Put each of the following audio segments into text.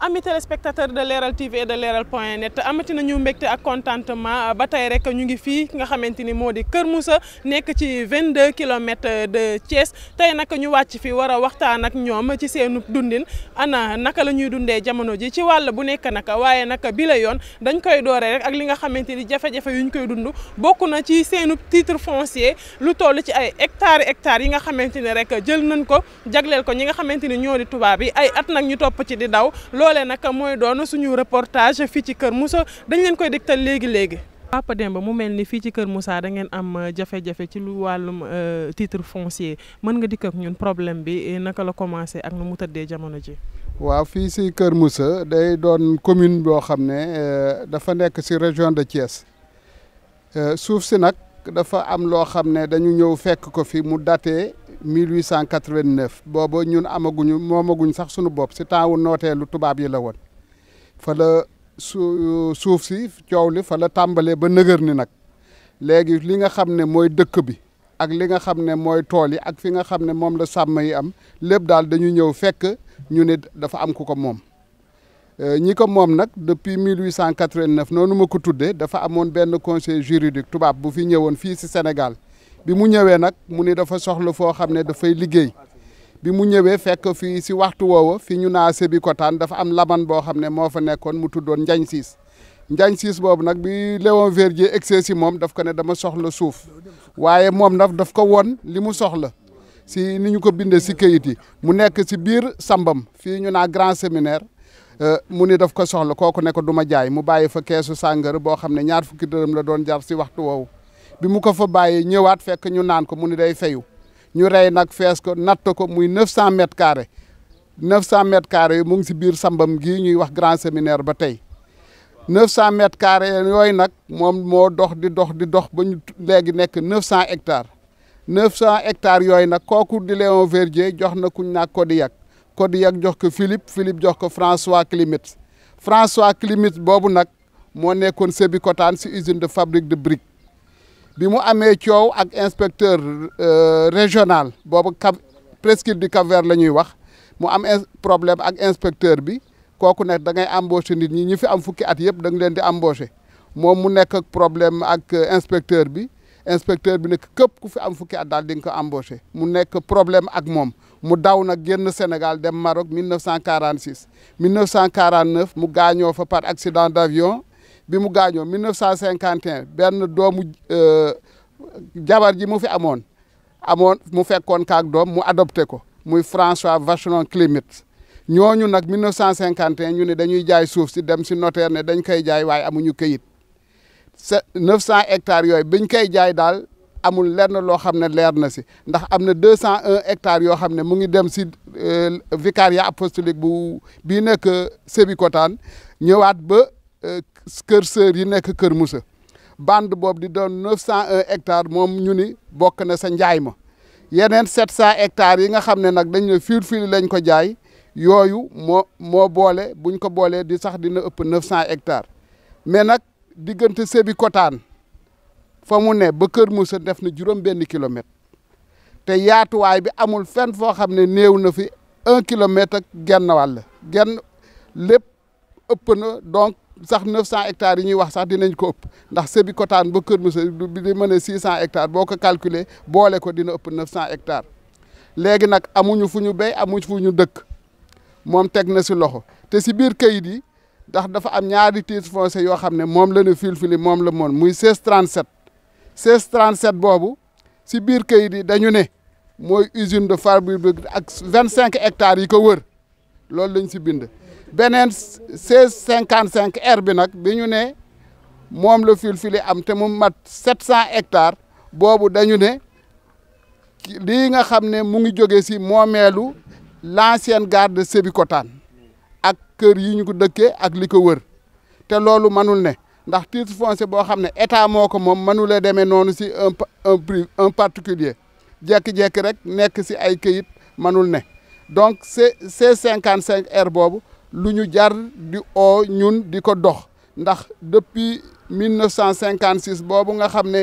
ami téléspectateur de leeral TV et de Leral point net amati nañu mbégte ak contentement euh, ba tey rek ñu ngi fii nga xamante ni moo di Kër Moussa nekk ci vingt deux kilomètres de Thiès tey naka ñu wàcc fii war a waxtaan ak ñoom ci seenu dundin ana naka la ñuy dundee jamono ji ci wàll bu nekk nag waaye nag bi la yoon dañ koy dooree rek ak li nga xamante ni jafe-jafe yu ñu koy dund bokk na ci seenu titre foncier lu toll ci ay hectares hectares yi nga xamante ni rek jël nañ ko jagleel ko ñi nga xamante ni ñoo di tubaab yi ay at nag ñu topp ci di daw loolee nag mooy doon suñu reportage fii ci Kër Moussa dañu leen koy dégtal léegi léegi. Papa ba mu mel ni fii ci Kër musa da ngeen am euh, jafe-jafe ci lu wàllum euh, titre foncier mën nga dikk ak ñun problème bi euh, naka la commencé ak nu mu tëddee jamono ji. waaw fii si Kër musa day doon commune boo xam ne dafa nekk si région de Thiès suuf si nag dafa am loo xam ne dañu ñëw fekk ko fi mu daté 1889 booba ñun amaguñu moomaguñ sax sunu bopp si temps wu nooteelu tubaab yi la woon fa la su suuf si coow li fa la tàmbalee ba nëgër ni nag léegi li nga xam ne mooy dëkk bi ak li nga xam ne mooy tool yi ak fi nga xam ne moom la sàmm yi am lépp daal dañu ñëw fekk ñu ne dafa am ku ko moom euh, ñi ko moom nag depuis 1889 noonu ma ko tuddee dafa amoon benn conseil juridique tubaab bu fi ñëwoon fii si Sénégal bi mu ñëwee nag mu ni dafa soxla foo xam ne dafay liggéey bi mu ñëwee fekk fi si waxtu woowa fi ñu naa kotaan dafa am laman boo xam ne moo fa nekkoon mu tuddoon Njañ Siis boobu nag bi Léon Verdier egsee si moom daf ko ne dama soxla suuf waaye moom nag daf ko woon li mu soxla si ni ñu ko bindee si kayit yi mu nekk si biir sambam fii ñu naa grand séminaire euh, mu ni daf ko soxla kooku ne ko du ma jaay mu bàyyi fa keesu sàngara boo xam ne ñaar fukki dërëm la doon jar si waxtu woowu bi mu ko fa bàyyi ñëwaat fekk ñu naan ko mu ni day fayu ñu rey nag fees ko natt ko muy 900 mètres carrés 900 mètres carrés yi mu si biir sambam gii ñuy wax grand séminaire ba tey 900 mètres carrés yooyu nag moom moo dox di dox di dox ba ñu léegi nekk 900 hectares 900 hectares yooyu nag kooku di Léon Verdier jox na kuñ naag Kodiak Kodiak jox ko Philippe Philippe jox ko François Climette François Climette boobu nag moo nekkoon Sébikotane si usine de fabrique de briques. bi mu amee coow ak inspecteur euh, régional boobu kam presque du Cap-Vert la ñuy wax mu am problème ak inspecteur bi kooku nekk dangay ngay nit ñi ñi fi am fukki at yëpp da nga leen di embaucher moom mu nekk ak problème ak euh, inspecteur bi inspecteur bi nekk képp ku fi am fukki at daal di nga ko embaucher mu nekk problème ak moom mu daw nag génn Sénégal dem Maroc 1946 1949 mu gaañoo fa par accident d' avion. bi mu gaañoo 1951 benn doomu euh, jabar ji mu fi amoon amoon mu fekkoon kaak doom mu adopté ko muy François Vacheron Clément ñooñu nag 1951 ñu ni dañuy jaay suuf si dem si notaire ne dañ koy jaay waaye amuñu këyit sa 900 hectares yooyu biñ koy jaay daal amul lenn loo xam ne leer na si ndax am na 201 hectares yoo xam ne mu ngi dem si euh, vicariat apostolique bu bii nekk Sébikotane ñëwaat ba. kër sœur yi nekk Kër Moussa bande boobu di doon neuf cent un moom ñu ni bokk na sa njaay ma yeneen sept cent hectares yi nga xam ne nag dañ ne fiir fiir lañ ko jaay yooyu moo moo boole buñ ko boolee di sax dina ëpp neuf cent hectares mais nag diggante Sébikotane fa mu ne ba Kër Moussa def na juróom benn kilomètre te yaatuwaay bi amul fenn foo xam ne néew na fi un kilomètre ak genn wàll genn lépp ëpp na donc sax 900 hectares yi ñuy wax sax dinañ ko ëpp ndax Sébikotane ba Kër Moussa di mën a 600 hectares boo ko calculer boole ko dina ëpp 900 hectares léegi nag amuñu fu ñu béy amuñu fu ñu dëkk moom teg na si loxo te si biir kayit yi ndax dafa am ñaari titre foncier yoo xam ne moom la ñu filfili moom la moon muy 1637 1637 boobu si biir kayit yi dañu ne mooy usine de Faidherbe ak cinq hectares yi ko wër loolu lañ si bind. beneen 1655 R bi nag bi ñu ne moom la Fulfulde am te mu mat 700 hectare boobu dañu ne lii nga xam ne mu ngi jóge si moomeelu l'ancienne gare de Sébikotane ak kër yi ñu ko dëkkee ak li ko wër te loolu manul ne ndax titre foncier boo xam ne état moo ko moom mënula demee noonu si un un privé un particulier jekki-jekki rek nekk si ay këyit manul ne donc cinquante cinq R boobu lu ñu jar di oo ñun di ko dox ndax depuis 1956 boobu nga xam ne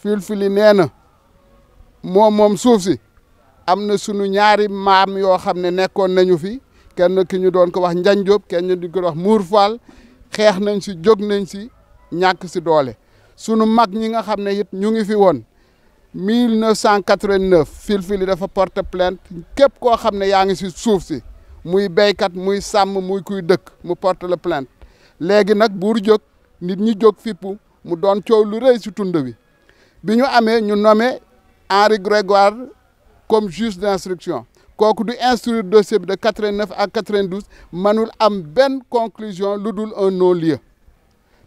Filfili nee na moom moom suuf si am na sunu ñaari maam yoo xam ne nekkoon nañu fi kenn ki ñu doon ko wax Njañ kenn di ko wax Muur Faal xeex nañ si jóg nañ si ñàkk si doole sunu mag ñi nga xam ne it ñu ngi fi woon 1989 Filfili dafa porte plainte képp koo xam ne yaa ngi si suuf si muy béykat muy sàmm muy kuy dëkk mu porte le plainte léegi nag buur jóg nit ñi jog fippu mu doon coow lu rëy si tund bi ñu amee ñu nommé Henri Grégoire comme juge d'instruction kooku du instruire dossier bi de 89 à 92 manul am benn conclusion lu dul un non-lieu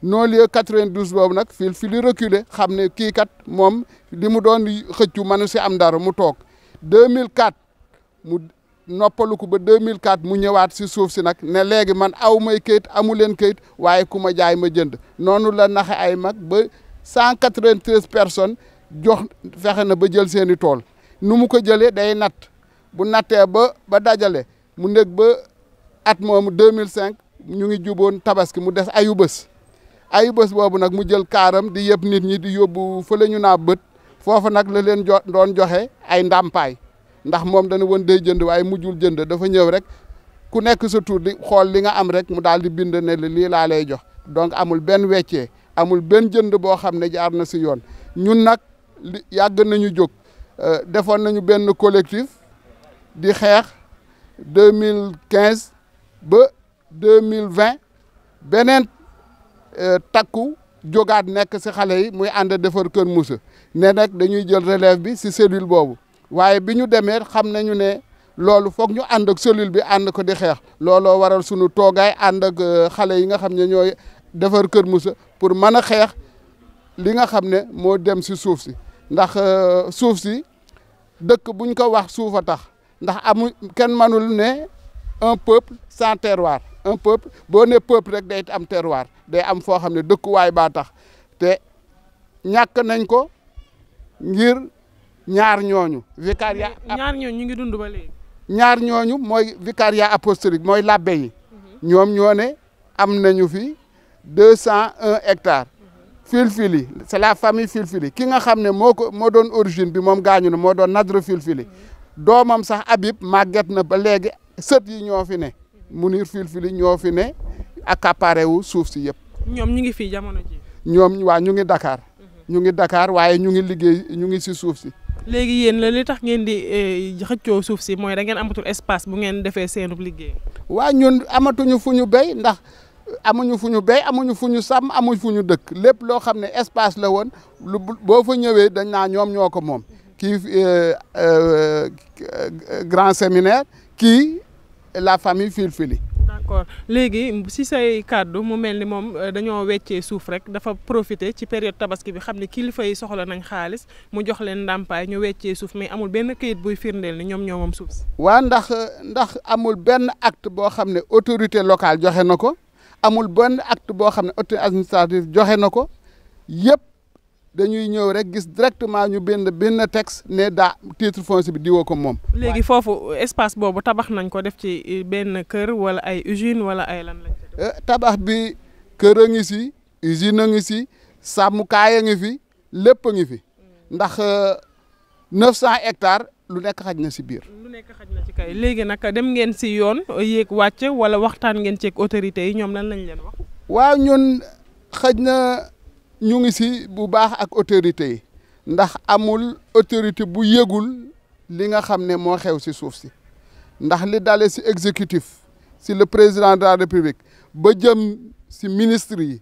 non-lieu 92 boobu nag fii fi li reculer xam ne kii kat moom li mu doon xëccu mënu si am dara mu toog 2004 noppalu ko ba 2004 mu ñëwaat si suuf si nag ne léegi man aw may kayit amu leen kayit waaye ku ma jaay ma jënd noonu la naxe ay mag ba cent 193 personnes jox fexe na ba jël seeni tool nu mu ko jëlee day natt bu nattee ba ba dajale mu nekk ba at moomu 2005 ñu ngi juboon tabaski mu des ayu bés ayu bés boobu nag mu jël kaaram di yëpp nit ñi di yóbbu fa la ñu naa bët foofu nag la leen jo doon joxe ay ndàmpaay ndax moom dana woon day jënd waaye mujjul jënd dafa ñëw rek ku nekk sa tur di xool li nga am rek mu daal di bind ne la lii jox donc amul benn weccee amul benn jënd boo xam ne jaar na si yoon ñun nag li nañu jóg euh, defoon nañu benn collectif di xeex deux mille quinze ba deux mille vingt beneen euh, takku jógaat nekk si xale yi muy ànd defar Kër Moussa ne nag dañuy jël relève bi si cellule boobu. waaye bi ñu demee xam nañu ne loolu foog ñu ànd ak cellule bi ànd ko di xeex looloo waral sunu toogaay ànd ak euh, xale yi nga xam ne ñooy defar Kër Moussa pour mën a xeex li nga xam ne moo dem si suuf si ndax euh, suuf si dëkk buñ ko wax suuf a tax ndax amu kenn mënul ne un peuple sans terroir un peuple boo ne peuple rek day am terroir day am foo xam ne dëkkuwaay baa tax te ñàkk nañ ko ngir ñaar ñooñu vicariat ñaar ñooñu ñu ngi dund ba léegi ñaar mooy vicariat apostolique mooy labbe yi ñoom ñoo ne am nañu fi deux cent un hectares Filfili c'est la famille Filfili ki nga xam ne moo ko moo doon origine bi moom gaañu ne moo doon Nadre Filfili doomam sax Habib màgget na ba léegi sët yi ñoo fi ne Munir Filfili ñoo fi ne accaparé wu suuf si yëpp ñoom ñu ngi fii jamono ji ñoom waa ñu ngi Dakar ñu ngi Dakar waaye ñu ngi liggéey ñu ngi si suuf si léegi yéen la li tax ngeen di eh, xëccoo suuf si mooy da ngeen amatul espace bu ngeen defee seenub liggéey. waa ñun amatuñu fu ñu béy ndax amuñu fu ñu béy amuñu fu ñu sàmm amuñu fu ñu dëkk lépp loo xam ne espace la woon lu boo fa ñëwee dañ naa ñoom ñoo ko moom kii eh, eh, grand séminaire kii la famille Filfili accord léegi si say kàddu mu mel ni moom euh, dañoo weccee suuf rek dafa profité ci période tabaski bi xam ne kilifa yi soxla nañ xaalis mu jox leen ndàmpaay ñu weccee suuf mais amul benn këyit buy firndeel ni ñoom ñoo moom suuf si. waa ndax ndax amul benn acte boo xam ne autorité locale joxe na ko amul benn acte boo xam ne autorité administrative joxe na ko yëpp. dañuy ñëw rek gis directement ñu bind benn texte ne daa titre foncier bi diwoo ko moom. léegi foofu espace boobu tabax nañ ko def ci benn kër wala ay usine wala ay lan lañ eh, tabax bi kër a ngi si usine a ngi si sàmmkaay a ngi fi lépp a fi mm. ndax 900 euh, hectares lu nekk xaj na si biir. lu nekk xaj na ci kay léegi nag dem ngeen si yoon yéeg wàcc wala waxtaan ngeen ceeg autorités yi ñoom lan lañ leen wax. waaw ñun xaj na. ñu ngi si bu baax ak autorité yi ndax amul autorité bu yégul li nga xam ne moo xew si suuf si ndax li dale si exécutif si le président de la république ba jëm si ministre yi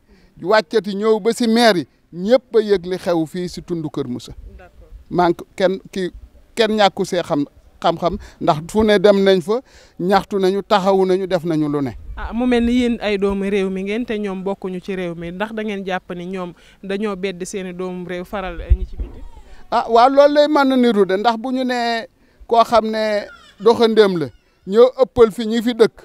wàccati ñëw ba si maire yi ñëpp a yëg li xew fii si tund Kër Moussa manque kenn ki kenn ñàkku see xam xam-xam ndax fu ne dem nañ fa ñaxtu nañu taxawu nañu def nañu lu ne ah mu mel ni yéen ay doomu réew mi ngeente ñoom bokkuñu ci réew mi ndax da ngeen jàpp ni ñoom dañoo bedd seeni doomu réew faral ñi ci biti ah waaw loolu lay mën na niru de ndax bu ñu nee koo xam ne doxandéem la ñoo ëppal fi ñi fi dëkk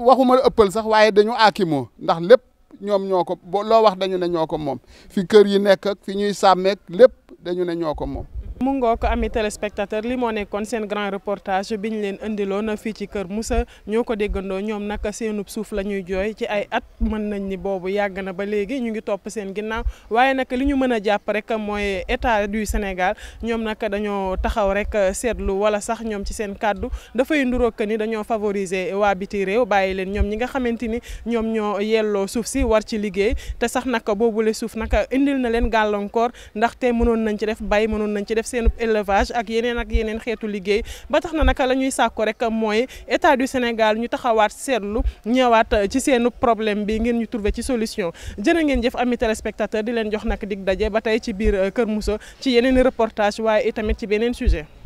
waxuma la ëppal sax waaye dañu aakimoo ndax lépp ñoom ñoo ko loo wax dañu ne ñoo ko moom fi kër yi nekk ak fi ñuy sàmmeek lépp dañu ne ñoo ko moom mu ngoo ko ami téléspectateur li moo nekkoon seen grand reportage bi ñu leen indiloon fii ci Kër Moussa ñoo ko déggandoo ñoom nag seenub suuf la ñuy jooy ci ay at mën nañ ni boobu yàgg na ba léegi ñu ngi topp seen ginnaaw waaye nag li ñu mën a jàpp rek mooy état du Sénégal ñoom nag dañoo taxaw rek seetlu wala sax ñoom ci seen kàddu dafay nduroog ni dañoo favoriser waa biti réew bàyyi leen ñoom ñi nga xamante ni ñoom ñoo yelloo suuf si war ci liggéey te sax nag boobule suuf nag indil na leen gàllankoor ndaxte mënoon nañ ci def bay mënoon nañ ci def seen élevage ak yeneen ak yeneen xeetu liggéey ba tax na naka la ñuy sàkku rek mooy état du Sénégal ñu taxawaat seetlu ñëwaat ci seen problème bi ngeen ñu trouver ci solution jërë ngeen jëf ami téléspectateur di leen jox nag dig daje ba tey ci biir euh, Kër Moussa ci yeneen reportage waaye itamit ci beneen sujet